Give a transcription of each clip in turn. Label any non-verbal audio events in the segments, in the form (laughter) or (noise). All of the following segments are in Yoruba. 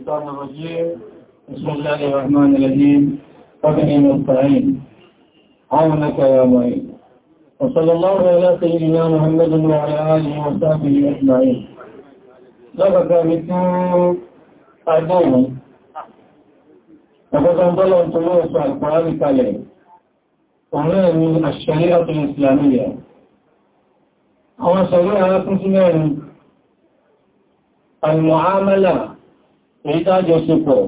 الشيطان الرجيم بسم الله الرحمن الرحيم وبني المستعين عونك يا معين وصلى الله على سيدنا محمد وعلى آله وصحبه أجمعين لقد مثل أدوما لقد انضلوا طلوع القرآن الكريم ومن من الشريعة الإسلامية هو شريعة مجمعين المعاملة èyí tájọ ṣe pọ̀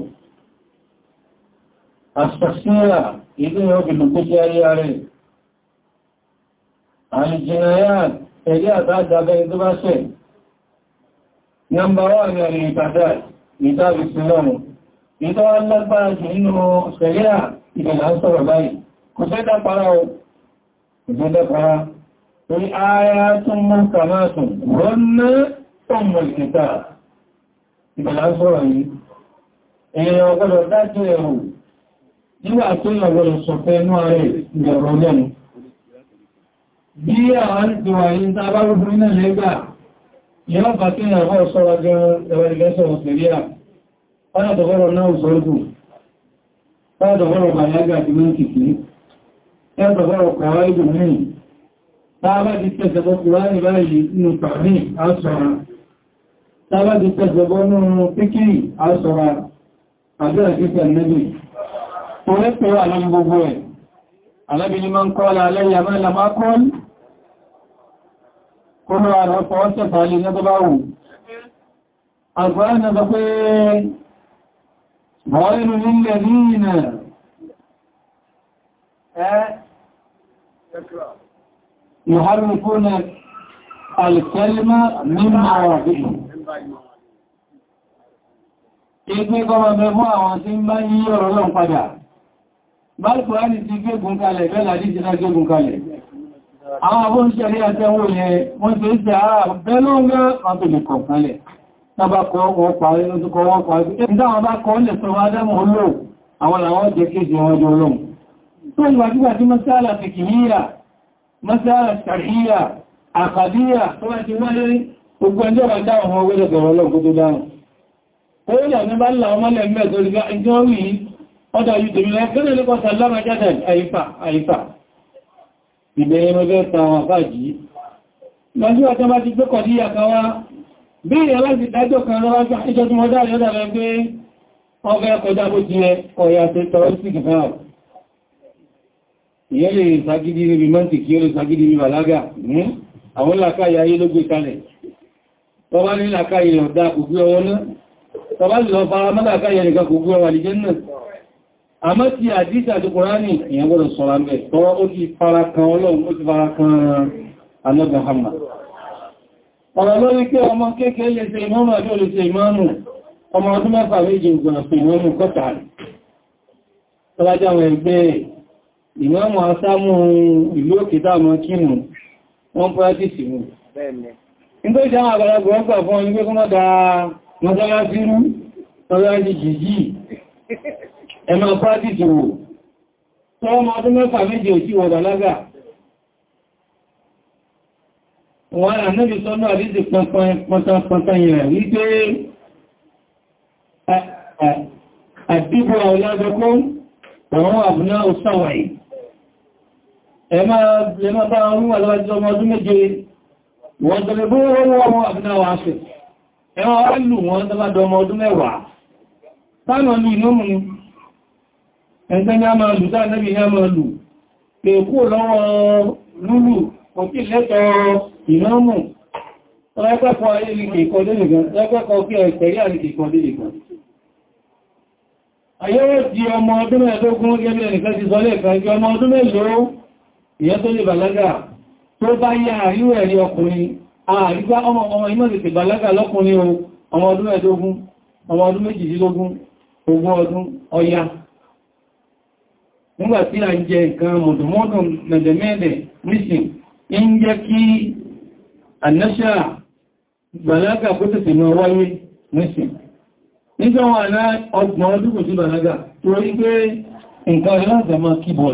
àṣàṣíra ilé ọgbìnà tó ṣe ayé rẹ̀ àìjìnàyà ẹ̀rí àtàjàbẹ̀ tó bá ṣẹ̀ nọmbà wà ní ọ̀rìn ìtàdà ìtàbí sí lọ́rùn ìtọ́ alágbára jù nínú ṣẹ̀ríà ìgbẹ̀lá ń sọ̀rọ̀ báyìí kò fẹ́ dápara o ìfẹ́ dápara torí ayá tún ìgbàlá sọ̀rọ̀ yìí èèyàn ọgbọ́dọ̀ dájú ẹ̀rù nígbà tí èèyàn ọgbọ́dọ̀ sọ̀fẹ́ inú ààrẹ ìgbẹ̀rọ lẹ́nu bí àwọn ìdíwà yìí tá bá rúgbù nínú lẹ́gbà yọ́ bá kí èèyàn ọgbọ́ sọ́rọ̀ gan ẹwẹ́lẹ́sọ̀ òṣèríà ọ̀nà tọ̀gọ́rọ̀ náà sọ́rọ̀gùn ọ̀nà tọ̀gọ́rọ̀ bàyágà ti mú kìkì ẹ̀nà tọ̀gọ́rọ̀ kọ̀ọ̀rọ̀ ìdùn mẹ́rin tá bá ti tẹ̀sẹ̀ tàbá ti tẹ́sẹ̀bọ́ nínú píkì àṣọ́ra àjọ́ ìfẹ́ nẹ́bì orí pé wà ní gbogbo ẹ̀ alábìní máa ń kọ́lá lẹ́yìn àmàlà máa kọ́lù kó lọ àrọ̀ ọ̀pọ̀ ọ̀sẹ̀ fàálì ní ọdọ́bá wù alfàánà bá pé bọ́ọ̀lù nílẹ̀ nínú ẹ́ يحرفون الكلمة من مواضعه Ìgbé kọmọ bẹ fún àwọn tí ń bá yí ọ̀rọ̀ lọ́n padà. Bálùkù rẹ̀ ti gbégùn kalẹ̀ bẹ́lá dí ti rẹ̀ gbégùn kalẹ̀. Àwọn abúrú ṣẹ̀rí àtẹ́wò yẹn wọ́n ti ń ṣe ara ah, bẹ́ ló ń gẹ́ àtòlù kọ̀ọ̀kanlẹ̀. Tábàkọ́ wọ́n parí ló tukọ̀ wọ́n parí. Ìdáwọn bá kọ́ lẹ̀ sọ wá dẹ́mù olóò àwọn làwọn jẹ́ kéjì wọn jọ olóhun. Tó ìgbàjúgbà tí gbogbo ẹjọ́ ma dáwọn ọmọ wẹ́lẹ̀ bẹ̀rọ ọlọ́gbọ́ tó dáhùn owó yà ní bá ń la ọmọ lẹ́mẹ́ tó rígbá ẹjọ́ rí ọdọ̀ yìí tèmi rẹ̀ gẹ́lẹ̀ lẹ́kọ́ sàlámà jáde àyífà àyífà ìbẹ̀rẹ̀ mẹ́fẹ́ ta wọn fàájì lọ́jọ́ ọjọ́ bá ti gbé kọ̀ sí yàkà wá bí ìyà láti dájọ́ kan lọ́wọ́ bá ìjọ tí wọ́n dáre ọ̀dà rẹ̀ tọba ní làkáyè ọ̀dá kò gbé ọwọ́ náà tọba lè lọ fara mọ́lákáyè nìkan kò gbé ọwọ́ àlìjẹ́ náà àmọ́ ti àdísì àti Kùránì èyàn gbọ́dọ̀ sọ́ra mẹ́ tọwọ́ ó ti fara kan Ọlọ́run ó ti fara kan Ànábì Muhammad ọ̀rọ̀ lórí pé ọmọ kéèkéé lè ṣe ìmọ́nù àti olùṣe ìmọ́nù ní tó ṣe àwọn àgbàlagbà ọgbà fún ọdún pé kún mọ́ dáa mọ́sálásí rú mọ́sálásí jìjì ẹ máa pàtìsì wò tó ọmọ ọdún mẹ́fà méje ò tí wọ bàlágà wọ́n ànábì sọ́nà àdíjì pọ̀tàpọ̀tà yẹn wípé àdíbò àwọládọ́kún àwọn àbúná òsáwàí ẹ máa bá ọrún àlọ́wàjọ́ ọmọ ọdún méje wọ́n tọ́lẹ̀ bó wọ́n wọ́n àbínà wà ṣe ẹwọ́n wá lù wọ́n tọ́lá dọmọ ọdún mẹ́wàá sáànà lù inú mú ní ẹgbẹ́ ní a máa lù sáà nẹ́bí ní a máa lù pè kú lọ́wọ́ lúlù ọ̀pí lẹ́tọ̀ ìnámù ẹgbẹ́kọ́ ayé ìkẹ̀kọ́ dé nìkan tó bá yá àríwò ẹ̀rí ọkùnrin àrígbá ọmọ ọmọ iná tètè bàlágà lọ́kùnrin o ọmọ ọdún ẹ̀dógún ọmọ ọdún méjìdínlógún ogún ọdún ọya nígbàtí à ń jẹ nǹkan mọ̀dùmọ́dùn mẹ̀dẹ̀mẹ́dẹ̀ nísìn ń jẹ́ kí ànáṣà bàlágà kó tètè mọ́ wáyé nísìn nígbà wà náà ọgbọ̀n ọdún kò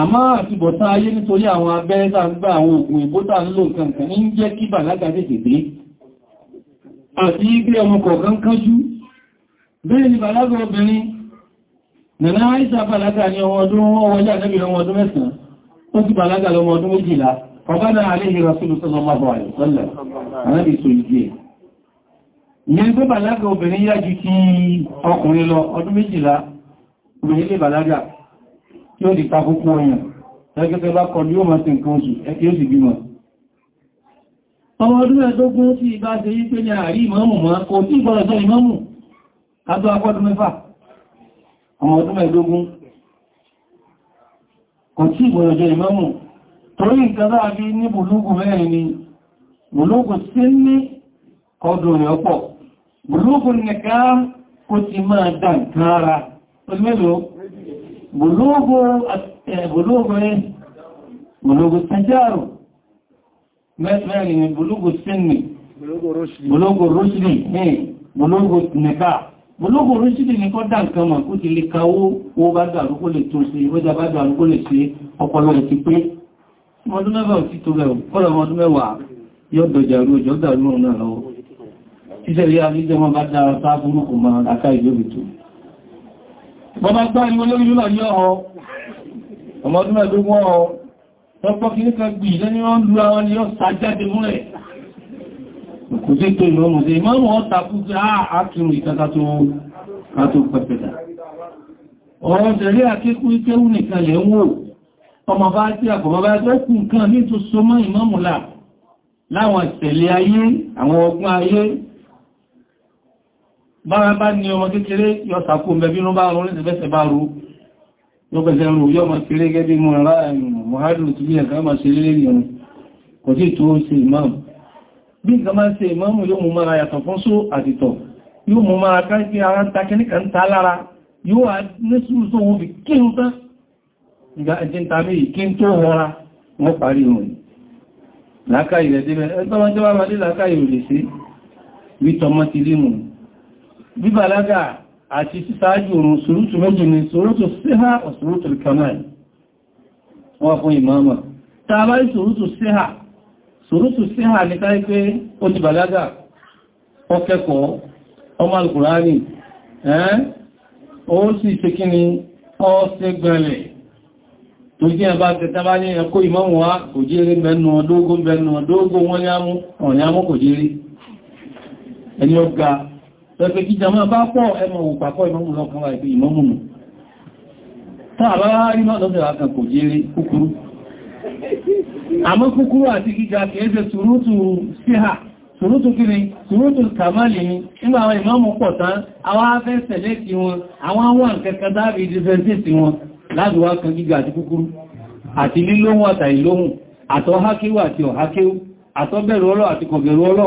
àmá àti bọ̀tán ayé nítorí àwọn abẹ́rẹ́ tàà ń gbá àwọn ògùn ìbótà ń lò kankan ní jẹ́ kí bàlágà tètè dé àti ilé ọmọ kọ̀ọ̀kan kánjú bẹ́ẹ̀ ni bàlágà obìnrin nana àìsà bàlágà ní ọmọ ọdún wọ́n wọjá nẹ́bí ọmọ ọdún mẹ́sàn-án ó ti bàlágà lọmọ ọdún méjìlá ọbádà aléhi rasúlù sọ́lọ́mọ́ yóò di takókó ọyàn lẹ́gẹ́gẹ́ bá kọ̀ ní ó máa ti nǹkan oṣù ẹkẹ́ ó sì bímọ ọmọ ọdún ẹ̀dógún tí ìbá ṣe yí pé ní àrí ìmọ́mù mọ́ kò tí ìgbọ́rọ̀ sọ ìmọ́mù kájọ akọ́dún mẹ́fà ọmọ ọdún ẹ̀dógún kò tí ìgbọ́rọ̀ sọ ìmọ́mù torí nǹkan dáa bí ní bùlúgù mẹ́rin ni bùlúgù sí ní ọdún rẹ̀ ọ̀pọ̀ bùlúgù nìkan kò ti máa dà nǹkan ara olùmẹ́lòó bùlúgù tẹjáàrù mẹ́rin bùlúgù sínmi bùlúgù rúṣìlì ní bùlúgù nìká bùlúgù rúṣìlì ní kọ́ dá nǹkan mọ̀ kú ti lè káwó owó bá dàrú kó lè tó sí ìwọ́jà bá dàrú kó lè sí ọpọlọ ìtí pé ọdún mẹ́fà ò sí tó rẹ̀ kọ́lọ̀ ọdún mẹ́wàá yóò dọ̀jà rú ọjọ́ dàrú ọ̀nà lọ́wọ́ bọ́bá gbá ní olórin ló láyé ọ̀ ọmọ ọdún mẹ́lógún ọ̀ lọ́pọ̀ kí ní kan gbì lẹ́ni wọ́n lú àwọn ni yọ́ sàjáde múrẹ̀ kò sí tó ìrọ̀mù sí ìmọ́rùn ọ́ takú sí ààkìrù ìkàkà tó pẹ̀pẹ̀dà ọ̀rọ̀ tẹ̀lé àkékú ikéhù nìkan lè ń wò ọmọ bá tí àkọ̀ bá bá tó kù nǹkan ní tó so mọ́ ìmọ́mùlà láwọn ìṣẹ̀lẹ̀ ayé àwọn ọgbọ́n ayé bára bá ní ọmọ kékeré yọ sàkó mẹ́bí ló bá rọrùn ní bẹ́sẹ̀ bá rú lọ́pẹ̀sẹ̀ rú yọ ma kéré gẹ́bí mú ara ẹ̀yìn mọ̀hálù tí bí ẹ̀ká ma ṣe lélé yẹn kò tí tó ṣe ìmáàmù bí nǹkan máa ṣe ìmáàmù yóò mú mara yàtọ̀ fún só àtìtọ̀ yóò mú mara káàkiri ara ń ta kẹ́níkà ń ta lára yóò wà ní sùúrùsọ wọn fi kí n tán ìgbà ẹ̀jẹ̀ ń ta mí kí n tó ti lé bíbàlágà àti sísáájú òun surutu méjì ni ṣòrótù síhá kama kamal wọ́n fún ìmọ́mọ̀ tàbá ṣòrótù síhá ṣòrótù síhá ní káyí pé ó ti bàlágà ó ọmọ alkùránì ó sì ṣe kí ni gbẹ̀rẹ̀ tó jẹ́ pẹ̀pẹ̀ kí jama bá pọ̀ ẹmọ òpapọ̀ ìmọ́mù lọ́kàn wà ìpé ìmọ́mù nù táà bá rí náà lọ́sẹ̀ àkàn kò jẹ́rẹ kúkúrú àmọ́ kúkúrú àti gíga kẹ́ẹ́sẹ̀ sùrútù síhà sùrútù kiri sùrútù kàmálì ni nígbà àwọn ìmọ́mù pọ̀ tán àwọn afẹ́ sẹ̀lẹ̀ tí wọn àwọn àwọn kẹkẹ dábì dìfẹ́sẹ̀ tí wọn láti wá kan gíga àti kúkúrú àti lílóhun àtàìlóhun àtọ́hákéwà àti ọ̀hákéwà àtọ́bẹ̀rù ọlọ́ àti kọ̀bẹ̀rù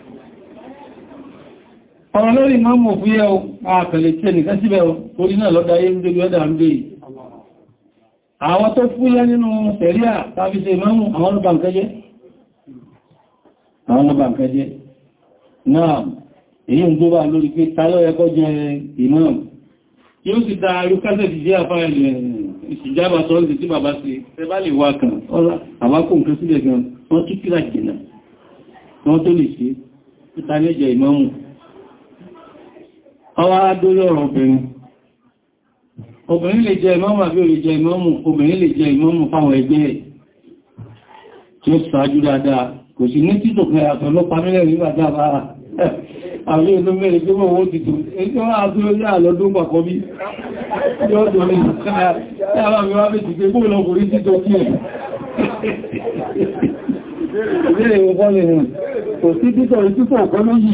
ọ̀rọ̀ lórí máa mọ̀ fún yẹ́ o àkàlẹ̀ tí ẹnìkan síbẹ̀ o torí náà lọ́dá yé ń dé lọ́dá ń dé àwọn tó fúyẹ́ nínú sẹ̀ríà tàbí ṣe mọ́mù àwọn ọlọ́bà nǹkan jẹ́ àwọn ọlọ́bà nǹkan jẹ́ náà èyí ń gbóbá imam yóò sì da arú kásẹ̀ ti jẹ́ àfá ilẹ̀ ìṣìjába sọ́ọ̀lẹ̀ tí bàbá sí ẹbá lè wá kan àwákò nǹkan sílẹ̀ gan wọ́n tún tó lè ṣe títà lẹ́jẹ̀ ìmọ́mù ọwá dórí ọ̀rọ̀ obìnrin obìnrin lè jẹ ìmọ́mù àbí olè jẹ ìmọ́mù obìnrin lè jẹ ìmọ́mù fáwọn ẹgbẹ́ ẹ̀ tí ó sáájú dáadáa kò sí ní títò pé àtọ̀lọ́pàá mílẹ̀ nígbà dáadáa àwọn ìlú mẹ́rin tó mọ̀ wọ́n ti tó ẹjọ́ àdúró yà lọ́dún pàkọ́ bí yọ́ tó rí ṣáàrà mi wá bèèrè pé kúrò lọ́kùnrin tí tó kí ìwọ̀n lè hàn kò sí títọ̀ ìtúfọ̀ ọ̀kọ́ lóyìí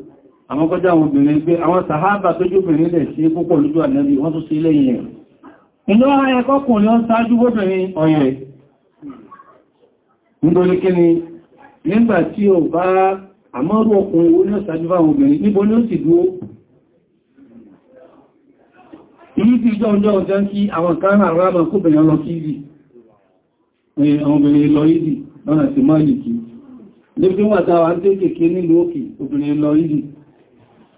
àwọn kọjá àwọn obìnrin gbé àwọn sàhábà tó jóbìnrin lẹ̀ sí púpọ̀ lójú ànẹ́bí wọ́n tó sí lẹ́yìn ẹ̀ inú ayẹ kọkùnrin ọ́n sáájú bóbìnrin ọ̀yẹ̀ nítorí kí ni nígbà tí ó bá àmọ́rú ọkùnrin ó ní ọ̀sájú fáwọn obìnrin níbo ni ó sì dúó ìyí ti jọ ọjọ́ ọjọ́ kí àwọn kan àrábà kóbìnrin lọ sí ìdí àwọn obìnrin lọ ìdí lọ́nà sí máàlì kí lébí wà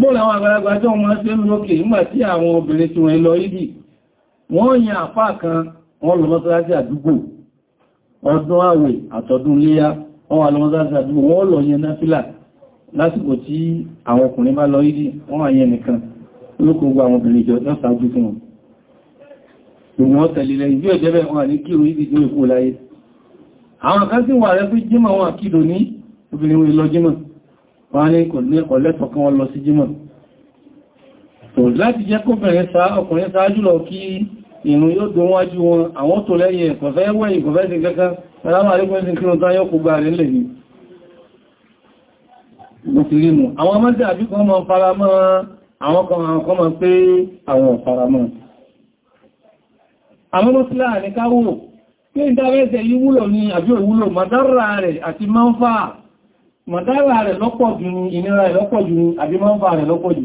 bóòlù àwọn àgbàlagbà tó wọ́n ṣe ń lókè nígbà tí àwọn obìnrin tí wọ́n lọ ìdí wọ́n yàn àpá kan wọ́n lọ mọ́sálásí àdúgbò ọdún àwẹ̀ àtọdún léyá wọ́n wà lọ mọ́sálásí àdúgbò wọ́n lọ yẹn náfílà lásìkò tí àwọn ọkùnrin bá lọ ìdí wọ́n wà yẹn nìkan olókòógbò àwọn obìnrin jọ lọ́sàájú fún wọn wọ́n ní kò ní ọ̀lẹ́tọ̀ kan wọ́n lọ sí jímọ̀ tó láti jẹ́ kó bẹ̀rẹ̀ sá ọkùnrin sáájú lọ kí ìrun yóò dún wájú wọn àwọn tó lẹ́yìn ẹ̀kọ̀fẹ́ wẹ́yìn kọ̀fẹ́ sí kankan aláwọ̀ arígbẹ́sìn kí wọ́n tán yóò kó gbà rẹ̀ lè ní mùsùlùmù àwọn mọ́sí àbí kan mọ́ faramọ́ àwọn kan àwọn kan mọ́ pé àwọn faramọ́ àwọn mọ́sílá ní káwò pé ìdáwẹ́sẹ̀ yí wúlò ní àbí òwúlò mọ̀dárà rẹ̀ àti máa ń fà mọ̀dára rẹ̀ lọ́pọ̀ jù ní ìnira rẹ̀ lọ́pọ̀ jù ní àbí máa ń fa rẹ̀ lọ́pọ̀ jù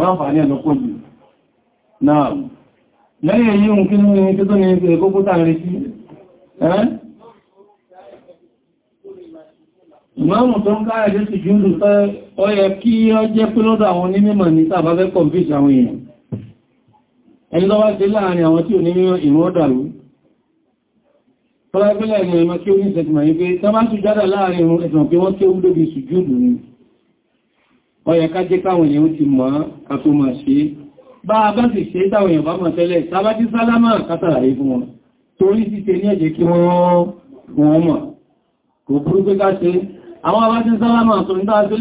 máa ń fa ní ẹ̀lọ́pọ̀ jù náà lẹ́yìn èyí ń kí ní kí ní ìpìlẹ̀ kókó ìmáàmù tó ń jẹ́ sí jùlù kí ó jẹ́ pé lọ́dọ̀ àwọn onímọ̀ ní tàbá fẹ́ kọ̀m̀fíṣ àwọn èèyàn ẹni lọ́wọ́ sí àwọn Tọ́lá ìpínlẹ̀ ilẹ̀ ìmọ̀ kí ó ní ìṣẹ́gbìmọ̀ yìí pé tán bá ń sùjádà láàrin ohun ẹ̀sùn pé wọ́n tí ó ń lóbi sùjúdù ni. Ó yẹ ká jẹ́ káwọn èèyàn ti mọ̀ ká tó máa ṣe. Bá a bá sì ṣe táwọn èèyàn bá mọ̀ tẹ́lẹ̀, tàbá tí sálámà kátàlàyé fún wọn. Torí ṣíṣe ní ẹ̀jẹ̀ kí wọ́n mọ̀. Kò burú pé ká ṣe. Àwọn abá tí tó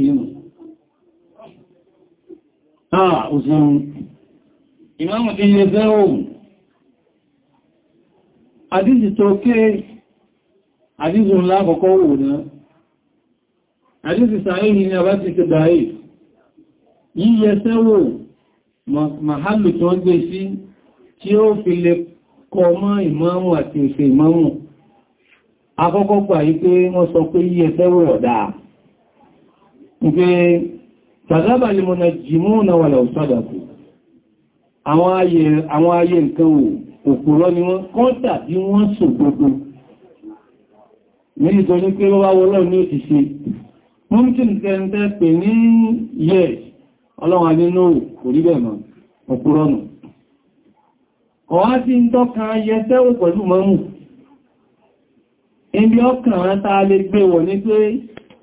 rí, bó àà òṣèrun ìmáàmù ti yẹ fẹ́ ohun àdíjì tó ké àdíjì ńlá àkọ́kọ́ wò náà àdíjì sàáyé ni a bá ti ṣe dáyé yíyẹ sẹ́wò mahalù tí wọ́n gbé sí tí ó fi lè kọ mọ́ ìmáàmù àti ìfẹ́ ìmáàmù àkọ́kọ́ gbà yí pé wọ́n sọ pé yíyẹ tàzábà lè mọ̀nà jìmọ́ náà wà láwọ̀ sádàkù àwọn ayé nǹkan òpòrọ́ ni wọ́n kọ́ntà bí wọ́n sọ gbogbo méjì tó ní pé wọ́n wọ́lọ́ ní ó ti ṣe mọ́mkín tẹ́ntẹ́ pè ní yẹ́ ọlọ́wà nínú orílẹ̀-èdè òpòrọ́ nù ọ̀wá tí ń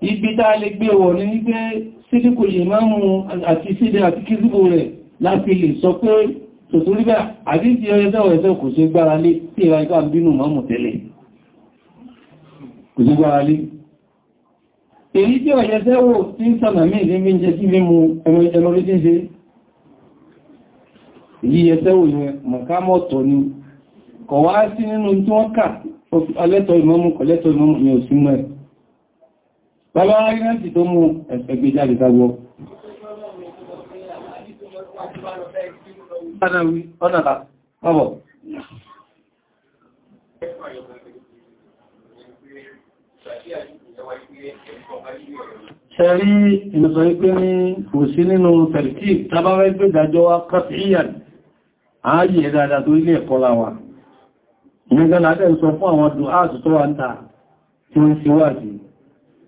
ibi tá lè gbé wọ̀ ní wípé sídìkò lè máa mú àti sídì àti kírísìkò rẹ̀ láti lè sọ pé tòtò rí bẹ́ àti ti ọjọ́ ẹ̀sẹ̀ kò sí gbára lé tí ìwà ikọ́ àbínú mọ́mù tẹ́lẹ̀ kò sí gbára lé èyí ni kọ̀ wá sí nínú tí wọ́n kà alẹ́tọ̀ ìmọ́mù kọ̀lẹ́tọ̀ ìmọ́mù ni ò sí mọ́ ẹ̀ Bàbá Rínàtì tó mú ẹgbẹ́ jáde sagbọ́. Ọ̀nàdà, bàbọ̀. Ṣẹ̀rí ìnàṣọ́ ipé ní kò sí nínú Tẹ̀lìkì tàbára ẹgbẹ́ ìdájọ́ Kàfíyàn, ààyè ẹ̀dàdà tó ilé ẹ̀kọ́ láwà. Ìgbẹ́gbẹ́ látẹ́ sọ fún àwọn dùn áàtù tó wà ń ta tí wọ́n síwájìí.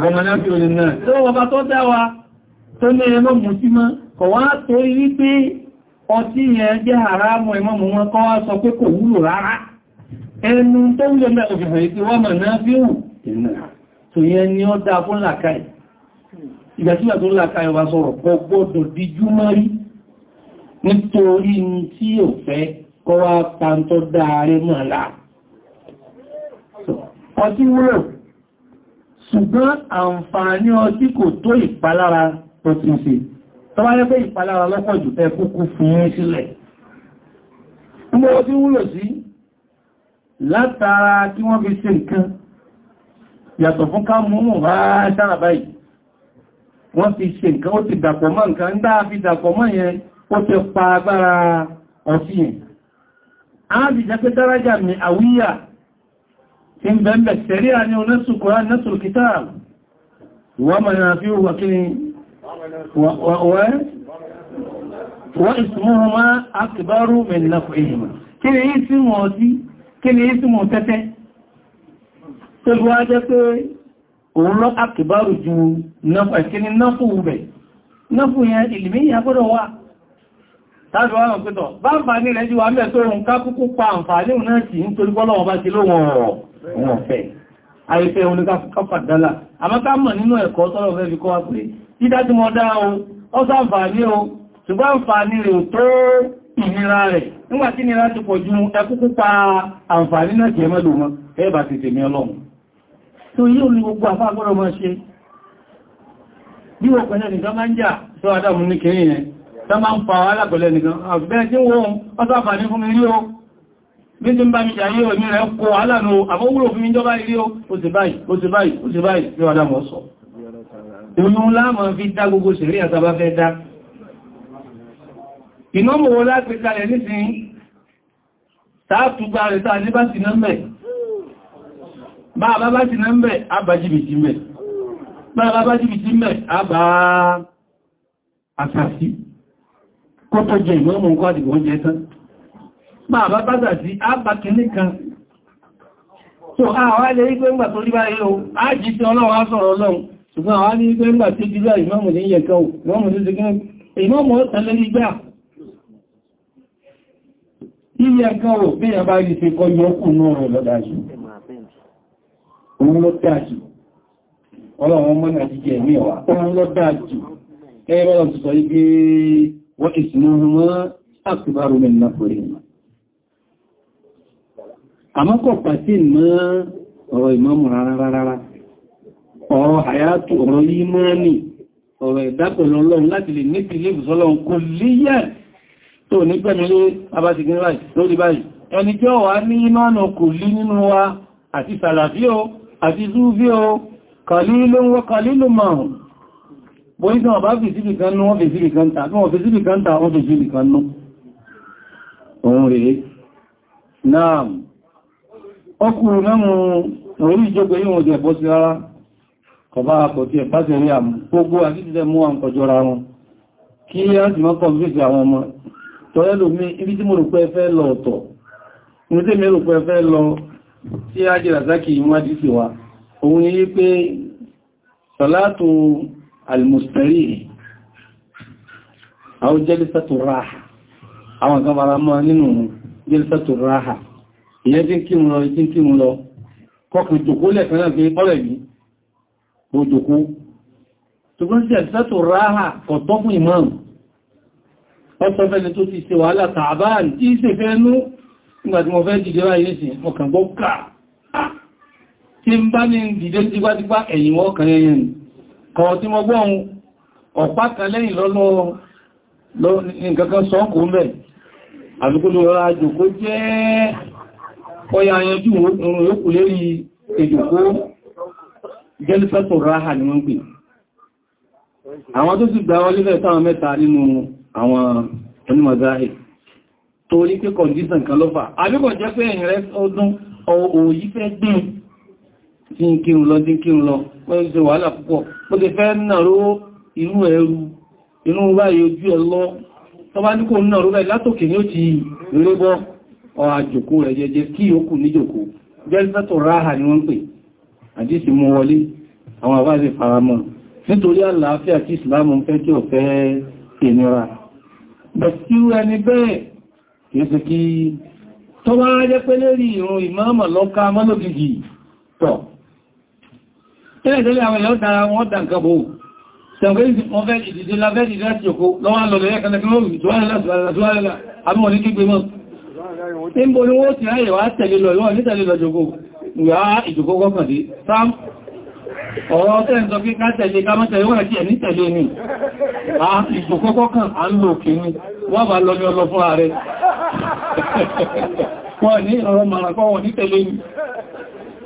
wọ́n náà fi olè náà tó wọ́n bá tó dáwà tó ní ẹmọ́ mú sí mọ́ kọ̀ wá torí wípé ọtí yẹn jẹ́ àrámọ̀ ẹmọ́ mú wọn kọ́ wá sọ pé kò wúlò rárá ẹnu tó wúlò mẹ́ òfìfẹ́ ìpé wọ́n mọ̀ náà fi hù tó yẹn ni ó dá fún làkàì ìgbàsígbà tó làkàì ọba sọ̀rọ̀ kò gbọ́dọ̀ díjú mọ́rí nítorí tí ò fẹ́ kọ́ wá pàntọ́ dáa rẹ̀ ṣùgbọ́n àǹfààní ọtí kò tó ìpalára tó ti ṣe tó bá yẹ pé ìpalára lọ́pọ̀ jù ẹ kúkú fún yín sílẹ̀ mú ọtí wúlò sí látara kí wọ́n fi ṣe nǹkan yàtọ̀ fún ká mú mú bá sára báyìí wọ́n fi ṣe nǹkan ó ti dàpọ̀ tí ń bẹ̀m̀bẹ̀ tẹ̀rí à ní onẹ́sù kòrán nẹ́sù kìtàb wọ́n mọ̀ náà fi wà kí ni wọ́n ismuhuma akbaru min naf'ihima kí ni ismu ọtí kí ni ismu tẹ́tẹ́ tó bí wá jẹ́ pé òun lọ akbaru ju náfù ubẹ̀ náfù yẹn ìlìmí yàgbọ́dọ̀ wà tàbí wọ́n mọ̀ bá ń fa ní ilẹ̀ jíwà mẹ́ ká kúkú pa àǹfà ní òun nítorí bọ́lọ́wọ́ bá ti lóhun ọ̀rọ̀ òun ọ̀fẹ́ àìfẹ́ oníkàfàdálà àmọ́kámọ̀ nínú ẹ̀kọ́ tọ́rọ fẹ́ fi kọ́ wá pé dídá tí mo dá o ó sàǹfààní o ṣùgbọ́n àǹfààní rẹ̀ tó ìnira rẹ̀ nígbàtí nira ti pọ̀ ju ẹkúkú pa àǹfààní náà jẹ́ mẹ́lò mọ́ ẹ̀bà ti tèmi ọlọ́run tó yíò ní gbogbo àfá agbọ́dọ̀ máa ṣe bí wọ́n pẹ̀lẹ́ nìkan máa ń jà tó adámù ní kìíyàn tó máa ń fa alágbẹ̀lẹ́ nìkan àbẹ́ tí wọ́n ọ́sàǹfààní fún mi rí o bí tí ń bá mi ṣàyé òní rẹ̀ kó aláàrùn àbúrò fún ìjọba ilé ó ti báyìí ó ti báyìí ó ti báyìí ní ọ̀dá mọ́ sọ. inú láàmà fi dá gbogbo ṣeré àtàbá fẹ́ dá iná mọ̀ wọ́n láti kalẹ̀ nísìn tààtùgbà rẹ̀ tàà ní bá ti ná mẹ́ bá bá bá máa bá bázà sí ábàkìní kan so àwá ilẹ̀ ìgbé ńgbà tó rí báyìí o á tí ọlọ́run sọ̀rọ̀ ọlọ́run ṣùgbọ́n àwá ní ìgbé ńgbà tí jílá ìmọ́mù ní yẹ̀kẹ́ o ìmọ́mù ní ṣe gán náà rẹ̀ lọ́dájú àmọ́kọ̀ pàtí mọ́ ọ̀rọ̀ ìmọ́mù rárára ọ̀rọ̀ àyàtò ọ̀rọ̀ ìmọ́ni ọ̀rọ̀ ìdápẹ̀lọ́lọ́run láti lè ní bìlífù sọ́lọ́run kò líyà tó nígbẹ̀mí lé abáṣigín báyìí lórí báyìí ẹni jọ́ wà ní ìmọ́nà kò lí nínú wa àti sàlàfíò àti zúfíò kàlílò wọ́n kàlílò márùn bóyí tí wọ́n bá fi síbì kan nú wọ́n fi síbì kan tà ọkùnrin mẹ́mù orí ìjọgbẹ̀ yíò jẹ bọ́ sí rárá kọba àpọ̀tí ẹ̀ pàṣẹ rí àmù gbogbo àtìsíṣẹ́ mú àwọn kọjọra wọn kí á sì mọ́ kọ̀m̀fíṣì àwọn ọmọ tọ́rẹ́ lómi ibi tí mo rò pé fẹ́ lọ ọ̀tọ̀ ní tí mi rò pé fẹ́ lọ tí á jẹ́ ràzákì ìwádìí sí wa òun ni wípé sọ̀látù almustari àwọn jẹ́lísàtù ráhà àwọn kan fara mọ́ ìyẹn tí ń kí wọn tí ń kí wọn lọ kọkùn ìjòkó lẹ́ẹ̀kan náà pé ọ̀rẹ́ yìí bó jòkó ṣùgbọ́n sí ẹ̀sẹ́tò ráhà kọ̀tọ́ fún imam ọ̀tọ́ fẹ́ni tó ti ṣe wàhálà tàbáàn tí í ṣe fẹ́nú nígbàtí wọ́n fẹ́ dìde ráyé sí ọkàn gbọ́ ká tí ń bá ní dìde tipátipá ẹ̀yìn wọ́n kan yẹn ni kọ̀ tí mo gbọ́ ohun ọ̀pá kan lẹ́yìn lọ́lọ́ ọya yanjú oòrùn yóò kù lérí èdòkó jẹ́lifẹ́tò ráhà ni wọ́n pè àwọn tó sì gbà wọlé fẹ́ táwọn mẹ́ta nínú àwọn onímọ̀záhì torí pé kọ̀ndíṣàn kan ló fà àbíkọ̀ jẹ́ pé ẹ̀yìn rẹ̀ ọdún òòyí fẹ́ dín tí ń kírun lọ dín kírun lọ wọ́n ṣe wàhálà púpọ̀ bó ti fẹ́ nàró inú ẹrù inú báyìí ojú ẹ lọ tọ́bá ní kò nàró báyìí látòkè ní ó ti rébọ́ ọwà jòkó rẹ̀ jẹjẹ kí òkú níjòkó jẹ́lẹ́sẹ́tò ráhà ni wọ́n pè àdísì mú wọlé àwọn àbáṣe faramọ́ nítorí àlàáfíà kí ìsìlámù fẹ́ kí ò fẹ́ ìnira bẹ̀sí ẹni bẹ́ẹ̀ kìí sí kí tó bá jẹ́ pé lérí ìrùn ìmáàmà lọ́ka mọ́lògìgì tọ̀ tẹ́lẹ̀tẹ́lẹ̀ àwọn èèyàn dára wọ́n dà nǹkan bò tẹ̀wọ́n wọ́n fẹ́ ìdìdí lábẹ́ ìdí láti òkú lọ́wọ́ lọ́lẹ̀ níbo ni wọ́n ti ráyẹ̀ wá tẹ̀lé lọ ìwọ̀n ní tẹ̀lé lọ jòkó ìyá gọ́kàndé sam ọ̀rọ̀ tẹ́ǹtọ́ kí ká tẹ̀lé ká mọ́tẹ̀lé wọ́n ti ẹ̀ ní tẹ̀lé ní ìjòkó gọ́kàn à ń lò kí ní wọ́n bá lọ ní ọlọ fún ààrẹ (laughs) wọ́n ní ọ̀rọ̀ màràkọ́ wọ́n ní tẹ̀lé ní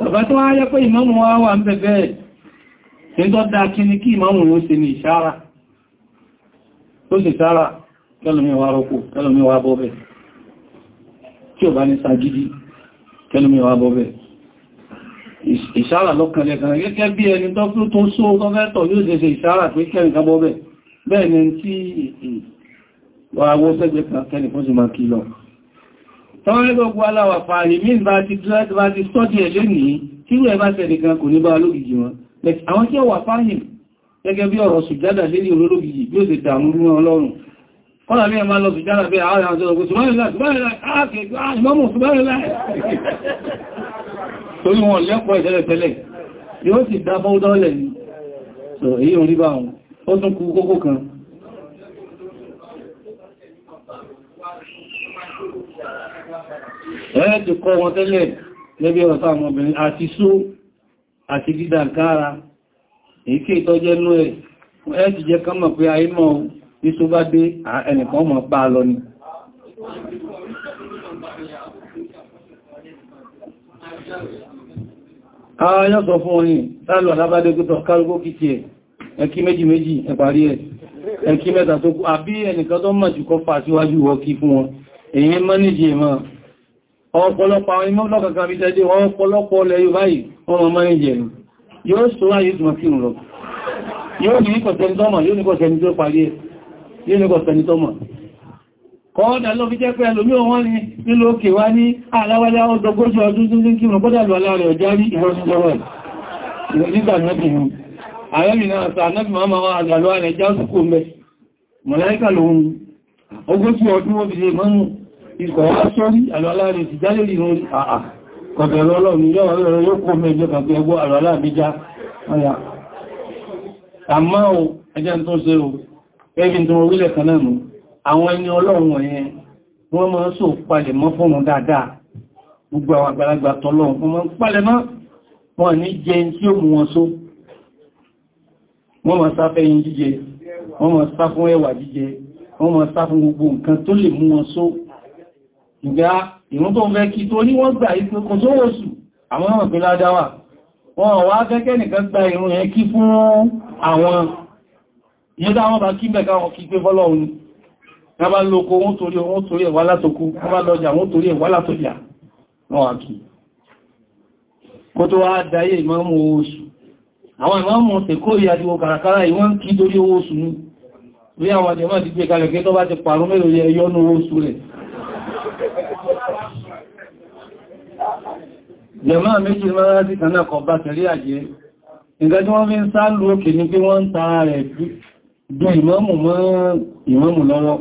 ọ̀bá tó wá yẹ́ pé ìmámù wá wà ń bẹ̀bẹ̀ tí tí ò bá ní sagidi tẹnumíwà bọ́bẹ̀ ìṣàrà lọ́kànlẹ̀ kan gẹ́gẹ́ bí ẹni tó kú tó só gọ́gẹ́tọ̀ yóò jẹ́ ṣe ìṣàrà pé kẹrìnká bọ́bẹ̀ bẹ́ẹ̀ ni tí wàwọ́ sẹ́gbẹ̀ kan kẹrìn fún sí máa kí lọ tọ́wọ́n ní gbogbo aláwà fààrí mí bá ti bá ti sọ́dí ẹ̀ lónìí tí rẹ̀ bá tẹ̀lé wà kọ́nà ní ẹmà lọ sí jára bí àwọn àwọn ọ̀sọ̀rọ̀ ṣùgbọ́nlẹ̀ ṣùgbọ́nlẹ̀ ààkẹ́ ìgbọ́mù ṣùgbọ́nlẹ̀ torí wọn lẹ́pọ̀ ìṣẹ́lẹ̀ tẹ́lẹ̀ yóò sì dábọ́ dọ́lẹ̀ ní sọ èyí orí bá wọn ó tún kú kókó kan ẹ̀ẹ́ ti kọ́ wọn tẹ́lẹ̀ lẹ́bí ọ̀sá ọmọbìnrin àti só àti dídà kára èyí kí ìtọ́jẹ́ nú ẹ̀ ẹ́ ti jẹ́ ká mọ̀ pé ayé mọ́ iṣu bá dé ẹnìkan mọ̀ pa lọ ni ààyàn sọ fún orin láàrín alábádé pẹ́tọ̀ kárúgbó kìtì ẹ̀ ẹkí méjì méjì ẹparí ẹ̀ ẹkí mẹ́ta tó kú àbí ẹnìkan tó mọ̀ jù kọ́ fà síwájú wọ́ kí fún wọn èyí mọ́ níjì ẹ̀mọ́ ọ̀pọ̀lọpọ̀ àwọn imọ́ lọ́kàkà bí tẹ́dé ọ̀pọ̀lọpọ̀ lẹ yóò báyìí wọ́n mọ́ mẹ́rìnjẹ̀ ẹ̀nu yóò sọ láyé ìtumọ̀ kírùn lọ yóò ní kọ̀sẹ̀ ní tọ́mọ̀ yóò ní kọ̀sẹ̀ ní yé lẹ́kọ̀ọ́ sẹni tó mọ̀ kọ́ọ̀dà ló fi jẹ́ pé ẹlòmí òwọ́n ni nílò òkè wá ní aláwọ́lá ọdọ́gbójú ọdún tó ń kí wọn kọ́dà lọ aláàrẹ̀ ọjá rí ìrọsílọ́wọ́ nígbà nẹ́bì wọn ààrẹ́mì náà sọ anẹ́bì máa máa àgbàlọ́ rẹ̀ já sùkú mẹ́ mọ̀láíkà lòun ogójú ọdún wọ́n fi ṣe mọ́nù ikọ̀ wá sórí àlọ́lá rẹ̀ ti jálẹ̀ ìrún àà kọ̀bẹ̀rẹ̀ ọlọ́run yóò kó mẹ́jọ kàbí ẹgbọ́ àlọ́lá mi já ọ̀yà àmá ò ẹjẹ́ tó ṣe o ẹbí tó wọ́n wílẹ̀ kan lẹ́nu àwọn ẹni ọlọ́run wọ̀nyẹn wọ́n máa ń palẹ̀ mọ́ fọ́nà dáadáa gbogbo àwọn àgbàlagbà tọ́lọ́run wọ́n máa palẹ̀ mọ́ wọ́n ní jẹ tí ó mú wọn só wọ́n máa sá fẹ́yìn jíjẹ wọ́n máa sá ẹwà jíjẹ wọ́n máa sá gbogbo nǹkan tó lè mú wọn só ìgbà ìrún tó fẹ́ kí tó ní wọ́n gbà ipò kan tó wọ́sù àwọn ọmọ ìpínlẹ̀ wọ́n wá fẹ́kẹ́ nìkan gba ìrún yẹn kí fún àwọn ìyẹn táwọn bá kí mẹ́ka wọn kí pé fọ́lọ́run ni wọ́n bá lóko wọ́n torí wọ́n torí ẹ̀wà látòkú wọ́n bá lọ́jà wọ́n torí ẹ̀wà látòjà wọ́n wà kí kó tó wá dáyé ìmọ́mù oṣù àwọn ìmọ́mù tẹ̀kó ìyàdíwò kàràkàrà ìwọ́n kí torí owó oṣù ní rí àwọn àjẹmọ́ tí wọ́n fi ń sá lókè ní pé wọ́n ń ta rẹ̀ jọ ìmọ́mù mọ́ ìmọ́mù lọ́wọ́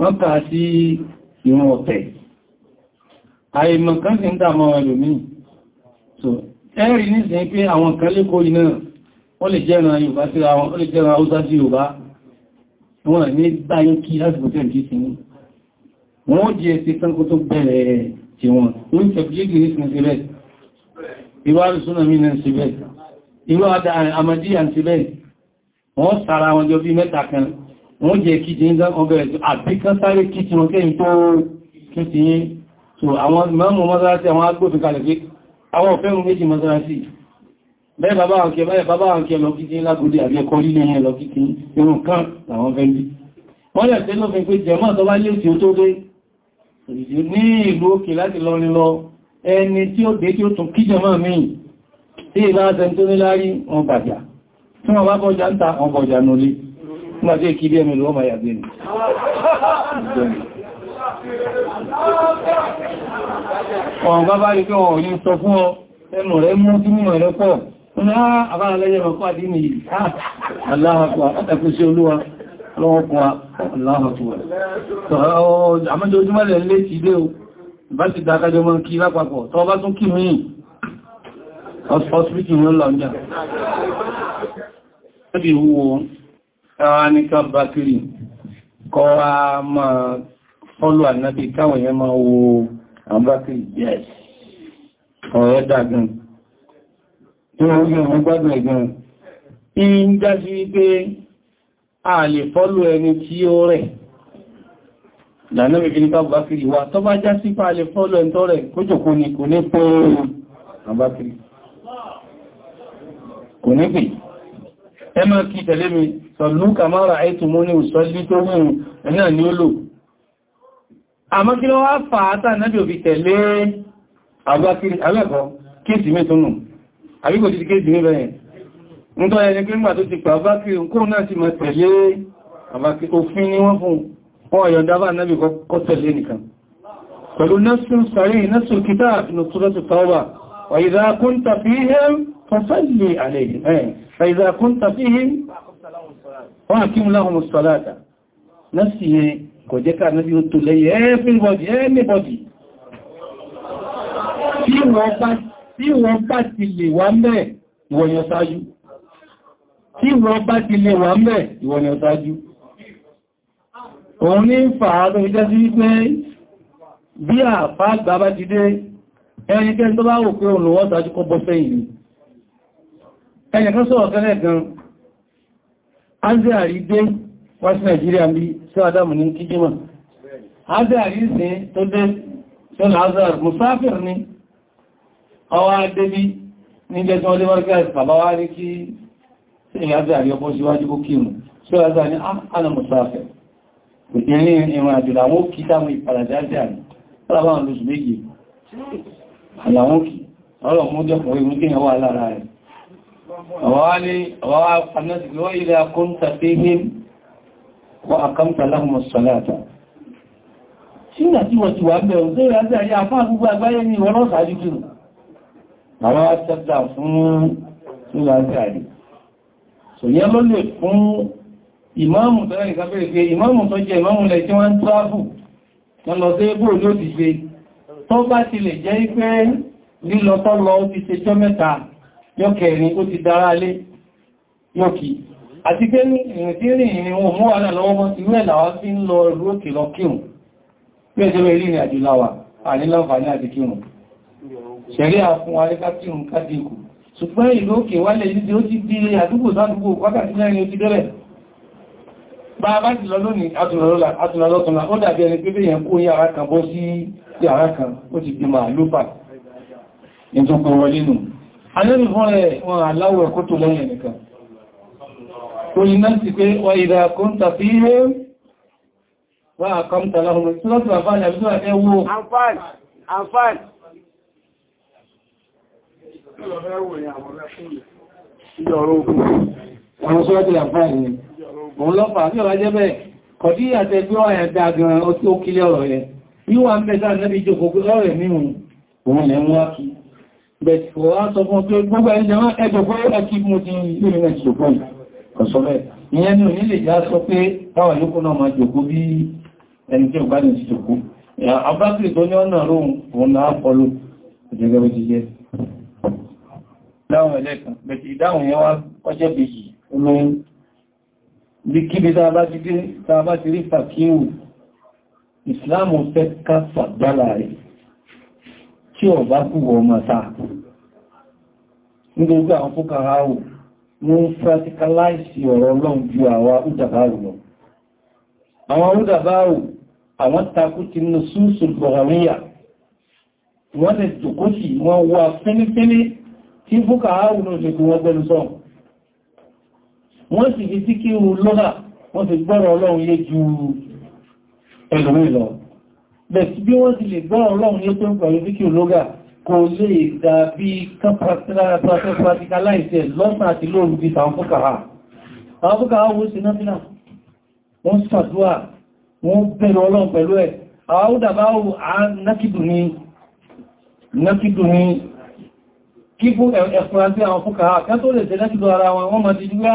wọ́n ká sí ìwọ̀n ọ̀tẹ̀ àìmọ̀ kan sí ń dàmọ́ ẹlòmí so ẹ̀rì nísìn pé àwọn kan lè kó iná wọ́n lè jẹ́ran Yorùbá sí àwọn ó lè jẹ́ran Haúsá sí Yorùbá wọ́n ní báyín kí lásìkò tẹ́ ìdí sí wọ́n ó di ẹsẹ tán kó tó bẹ̀rẹ̀ tí wọ́n ń tẹ̀kùlẹ́gì ní sin wọ́n sára wọn jọ bí mẹ́ta kan wọ́n jẹ́ kí ti ń dá ọgbẹ̀ ẹ̀tọ́ sáré kí ti wọn kẹ́yìn tó kí yí so àwọn mọ́mù mọ́sálásí àwọn agbófin kalẹ̀ pé àwọn ọ̀fẹ́rún méjì mọ́sálásí bẹ́ẹ̀ bàbá àwọn kẹ báyẹ̀ bàbá àwọn kẹ lọ kí ti lágbódé àbí ẹkọ líle yẹn lọ kí ti irun kan làwọn fẹ́ bí wọ́n lẹ̀ tẹ́lọ́ fi pé jẹ́mọ́ tó bá yóò ní ìlú òkè bàjá tí wọ́n bá bọ́jà ń ta wọn bọ́jà nulé nígbàtí èkì bí ẹmìlú ọmọ yàgbé ni ọ̀n bá bá rí pé wọ́n ò ní sọ fún ọ ẹnu rẹ̀ mú tí mímọ̀ rẹ̀ pọ̀ ní ah, àbára lẹ́yẹ̀ mọ̀ pàdé ní aláhàtùwà látàkù sí olúwa lọ́wọ́kùnwa aláhàtùwà àmọ́jọ́júmọ́lẹ̀ lé ti dé o bá ti dákájọ mọ́ kí lápapọ̀ tọ́ bá tún kí níbi ìwúwo ẹwà ní ká bákìrì kọ́ a máa fọ́lù ànábì káwọn yẹn máa wo àbákìrì yes ọ̀rẹ́ dàgbùn tí wọ́n yẹ wọ́n gbádùn ẹ̀gbùn in dájú wípé a lè fọ́lù ẹni tí ó rẹ̀ lànàbì kí ní ká bákìrì wà tó bá já sí pa lè fọ́lù ẹni tó rẹ̀ kójòkó ni kò ẹmọ́ kí tẹ̀lé mi sọ̀lú kàmọ́ra ẹ̀tù mú ní ìṣọ́lú tó wùn náà ni ó lò àmọ́ kí lọ wá fàátà náàbí òfin tẹ̀lé àwẹ́kọ́ kéèsì mẹ́tọ́nù àríkò ti kéèsì mẹ́ bẹ̀rẹ̀ nítọ́ ẹni pé nígbà tó ti pẹ̀ àbákiri kóò náà ti mọ̀ tẹ̀lé òfin ni wọ́n fún wọ́n yọ̀ndá bá náàbí kọ́ pẹ̀lú nẹ́sùn sàrí nẹ́sùn kìtà àti nùtúrọ́tù tọ́wà wà ìdá kúntà fi hẹ́m fọ́sẹ́lì àlẹ́ فإذا كنت فيهم فأقم لهم الصلاة نفسي كوجك النبي قلت لي everybody anybody tí wọ́n bá tí wọ́n bá ti lè wà ńbẹ̀ ìwọ ni ọ̀sájú tí wọ́n bá ti lè wà ni ọ̀sájú òun ní fàá tó fi jẹ́ sí wípé bí àfá àgbà bá ti dé ẹnikẹ́ni tó bá wò pé òun lọ́wọ́ ọ̀sájú kọ́ bọ́ sẹ́yìn ẹni kan sọ̀rọ̀ tẹ́lẹ̀ gan azẹ́àrí dé wá sí Nàìjíríà bí sí Adamu ní kíjímọ̀ azẹ́àrí sí tó dé sọ́lá azẹ́àrí musafir ni ọwá débí ní jẹjọ́ ọdé margaret bàbáwá ní kí ẹ̀yìn azẹ́àrí ọkọ̀ síwájú kó kírù sọ́ azẹ́àrí ní ah, ana musafir kò jẹ́ ní ìrìn àjò àwọn òkì táwọn ìpàdàjá jẹ́ àrí ọlọ́wọ́n lóṣù méjì àwọn òkì ọlọ́wọ́n mú jẹ́ pọ̀ ìmú kí wọ́n wà lára rẹ̀ وعلي وإذا كنت فيهم وأقمت لهم الصلاة sígbà tí wọ́n ti wà bẹ̀rù tó yà jẹ́ àyà fún àgbúgbà àgbáyé ní wọ́n lọ́sà àjíkìrù àwọn àtẹ́gbà fún ìlà àjáàrí so yẹ́ ló lè fún ìmáàmù yóò kẹrin ó ti dára lé yóò kí àti pé ní ìrìntí rìn ìrìn ohun mú wà náà lọ́wọ́ inú ẹ̀ làwá sí ń lọ ẹrù òkè lọ kírùn bí ẹjọ́ ilé ìrìn àjò láwà àníláǹfààní àti kírùn ṣẹ̀rí àfún aríká kírùn kádìkù ṣùgbọ́n ìlú òkè wálẹ̀ yìí ó ti di àdúgbò wọlé nù anẹ́bì fún ẹ̀ wọn aláwọ̀ ẹ̀kọ́ tó lẹ́yìn nìkan tó ní náà ti pé wà ìdá kọ́ntà fi ihe wà àkọ́mtà láhùn ìtúlọ́tù àfáàlì àbíjọ́ ẹwọ́ àfáàlì Àwọn sọ́rọ̀ ti àfáàlì ni. Òun lọ́pàá ní ọ̀rọ̀ ajẹ́ bẹ́ẹ̀, kọ̀dí àtẹ́gbẹ́ ọ̀rẹ́ ẹ̀dá gan-an òun lẹ́ ìyẹn ní onílè ìyá sọ pé báwọn yóò náà máa jòkó bí ẹni tí ò bá lè ti jòkó àbákìrì tó ní ọ̀nà ròun òun náà pọ̀lú ìjẹgẹ́ bó ti jẹ́ dáhùn ẹlẹ́kan bẹ̀tì ìdáhùn yẹn wá ọjẹ́ bèjì olóyìn bí kíbi tàbá ti rí fàkíhù ìsìláàmù fẹ́ tí ọ̀ bá kú wọ ọmọ sáà nítorí àwọn fúkàrá ò mú practicalize ọ̀rọ̀ ọlọ́run ju àwọn údàbáwò lọ àwọn údàbáwò àwọn takú ti nù súnsù bọ̀rọ̀ríyà wọ́n lè tòkó sí wọ́n wà fínífíní tí fúkàrá ò náà ṣekú wọ́n gbẹ́nu sọ wọ́n sì fi síkírù lọ́nà wọ́n fi gbọ́rọ̀ ọlọ́run yé ju ẹlòmí lọ bẹ̀tí bí wọ́n ti lè gbọ́rọ̀ ọlọ́run ní tó ń pẹ̀lú fíkì ológa kò lè dàbí practicalize lọ́sàn àti lóòrùn bí tàwọn fúkàrà àwọn fúkàrà wó sí náà wọ́n sàdúwà wọ́n bẹ̀rẹ̀ ọlọ́run pẹ̀lú ẹ̀ àwọn òdàbáwò nákìdù ní kíkún ẹ̀fúnra sí àwọn fúkàrà kẹ́ tó lè tẹ́lẹ́kìdù ara wọn wọ́n ma ti dúgbà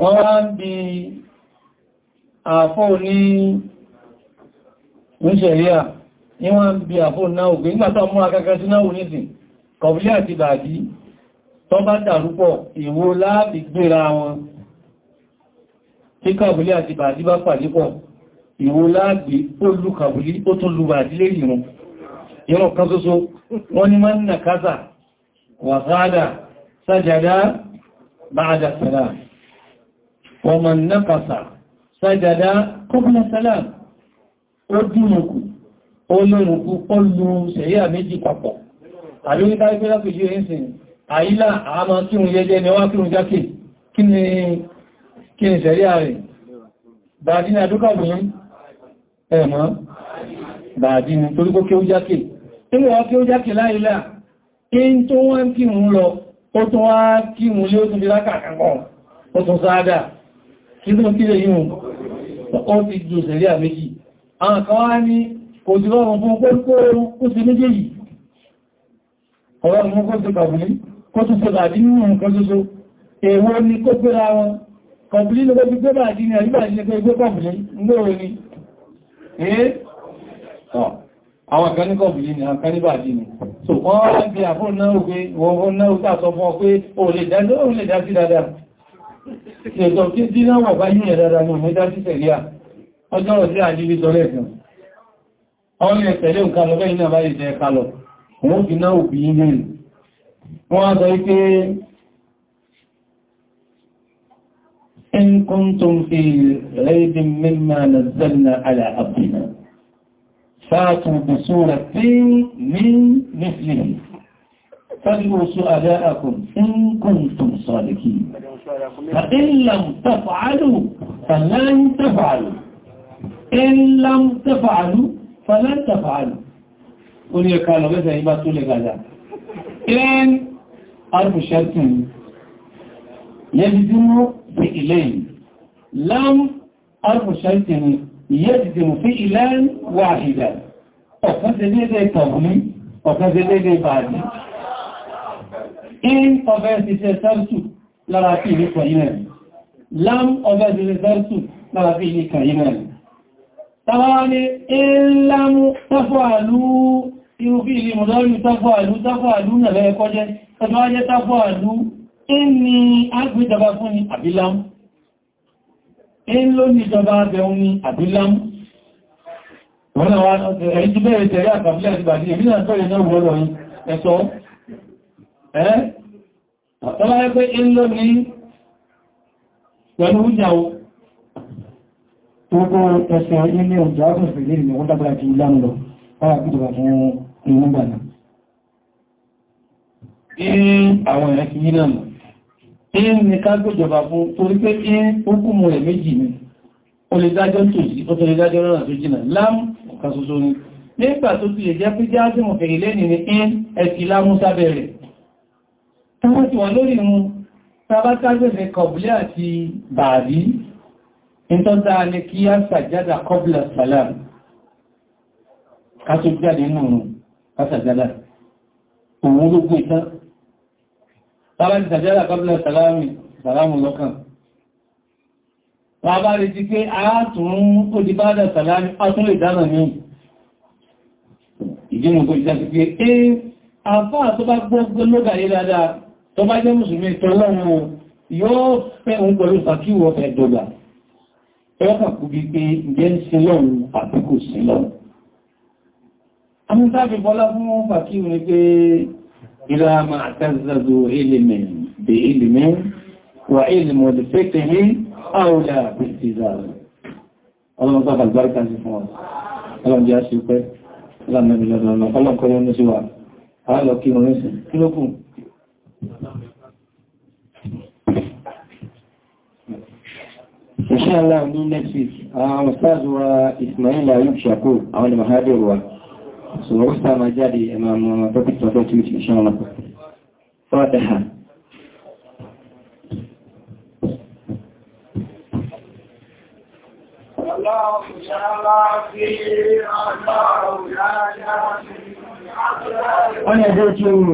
wọ́n wá ń bí àfọ́ ní ìṣẹ̀ríà ní wọ́n ń bí àfọ́ náà gbé nígbàtà mú akẹ́kẹ́ sí náà nìsìn kọ̀bílì àti bàbí tó bá dàrúpọ̀ èwo láàbì gbéra wọn tí kọ̀bílì àti bàbí bá pàdé pọ̀ èwo láàbì ó lú kọ̀bílì ó tún lú bàbí lé ìrùn ìrùn kan ṣoṣo wọ́n ni mọ́ nà kásà wàsádà sájàdá ba'da salam ومن نقص سجد قبل سلام ودينكو olórùnkú pọ́lù ṣẹ̀yà méjì papọ̀. àbí ní tàbí pẹ́lá pèjú ẹ̀sìn àílà àmà kí ni wá kírùn jákè kí ni ṣẹ̀ríà rẹ̀ bàdí ni àdúkàbùn ẹ̀mọ́ bàdí ni torípó kí ó jákè tí wọ́n kí ó jákè láìlà in tó wọ́n kírùn lọ ó tó wá kírùn lé ó tún bí lákàkàkọ́ ó tún sáádà kìdún kí lè yíò ọkọ̀ ti jù sẹ̀rí àmẹ́jì àwọn kan wá ní kò sí lọ́rùn fún pẹ́kọ́ kó sí méjèèjì ọ̀rọ̀rùn fún kó sí kàbùlí kó tún sọ̀rọ̀ àdí nínú nǹkan ṣoṣo èwo ni kó gbéra wọn kọ̀bùlí ló gbé gbé bá àdí ní àríbà ní ẹgbẹ́ gbé kọ̀bùlí ńgbòrò ni àwọn kan ní kọ̀bùlí ni àwọn kan ní bàdí ni so wọ́n wá o lè dá ìṣẹ̀tọ̀ tí dínà wà bá yìí ẹ̀rọ àwọn ọmọdá sí tẹ̀lẹ́à ọjọ́ ọ̀sí àdílé tọ́lẹ̀ fún ọmọ ẹ̀tẹ̀lé nǹkan lọ bẹ́yìn náà bá ìṣẹ́ ẹ̀ka lọ wọ́n fi náà òbí ilé rẹ̀ wọ́n á sọ wípé in kuntum fi raybin mimma فاتبعوا سؤالاءكم إن كنتم صادقين فإن لم تفعلوا فلن تفعلوا إن لم تفعلوا فلن تفعلوا قل يا يقالوا بس هيبا لك غدا إن أرب شرط يجزم فئلين لم أرب شرط يجزم فئلان واحدا وكان ذلك تغني وكان ذلك بعدي in ọbẹ̀ ṣiṣẹ́ sẹ́rùsù lára sí ilé kan yìí rẹ̀ lam ọbẹ̀ ṣiṣẹ́ sẹ́rùsù lára sí ilé kan yìí rẹ̀ tàbára ní ìlàmù tafọ́àlú irú bí ilé mọ̀lọ́rù tafọ́àlú tafọ́àlú nàbẹ̀ ẹkọ́ jẹ́ tàbára tafọ́àlú inni agbẹ́jọba fún ni àbílám in ló ní ìjọba abẹun ni àbílám wọ́n náà wá ẹ́ tọ́lá ẹ́ pé ìlò ní pẹ̀lú ìjàwó gbogbo ẹsẹ̀ ilé ọjọ́ àkọsẹ̀ lè ní wọ́n dágbàrá ti ìlànà lọ wọ́n àgbìjọba fún ìwọ̀n gbànà àwọn ẹ̀rẹ́ ti yínà mọ̀ in ni ká gbìjọba fún torí pé in ókùnmù rẹ̀ méjì ni o lè dájọ́ tòsí o tó lè dájọ́ rọ́nà tó jìnà lám ọ̀kan ṣoṣo ni nígbà tó ti lè jẹ́ pé jáde mọ̀ fèrè lẹ́ni ni in ẹ̀sì lámú sábẹ̀rẹ̀ tọwọ́ ti wà lórí wọn tàbátágbẹ̀fẹ̀ kọ̀bílì àti bàbí ìtọ́ta ní kí á sàjádà kọbílà sàlám ká tó jáde nínú kásàjádà òun ológun ìtàn tàbátí sàjádà kọbílà sàlámì sàlámù lọ́kàn wà bá rí ti pé àátùn òdìbádà sàlámì átún lè dára ní ìdínú tó ìjá ti pé ẹ àfáà tó bá gbọ́gbọ́ lógà yìí dáadáa tó bá jẹ́ mùsùlùmí tọ́lọ́run yóò fẹ́ òun pẹ̀lú ìfàkíwọ̀ fẹ́ dọ́gba ẹ̀ọ́kà kú bí pé jẹ́ ń sin lọ́run àti kò sí lọ́run amúsáàbí bọ́lá fún fàkíwọ̀ ni pé ìlàmà àtàzàzò ilẹ̀mẹ̀ bè ilẹ̀mẹ̀ wà ilẹ̀mọ̀ lè fẹ́ tẹ̀lé àwòlà àti ìzàrù ọlọ́run sáfà àgbáríkà sí fún ọ ọlọ́run jẹ́ àṣípẹ́ ọlọ́run mẹ́rin lọ́dọ̀ ọlọ́run kọ́lọ́ Inshallah ní next week, àwọn ọ̀sáàzù wa Ismail Ayub Shakur, àwọn ni Mahadir wa. So, ó sáà máa jáde ẹ̀mà ọmọ topic to talk to you, Inshallah. Fọ́tẹ̀hà. الله تعالى في الله لا يعلم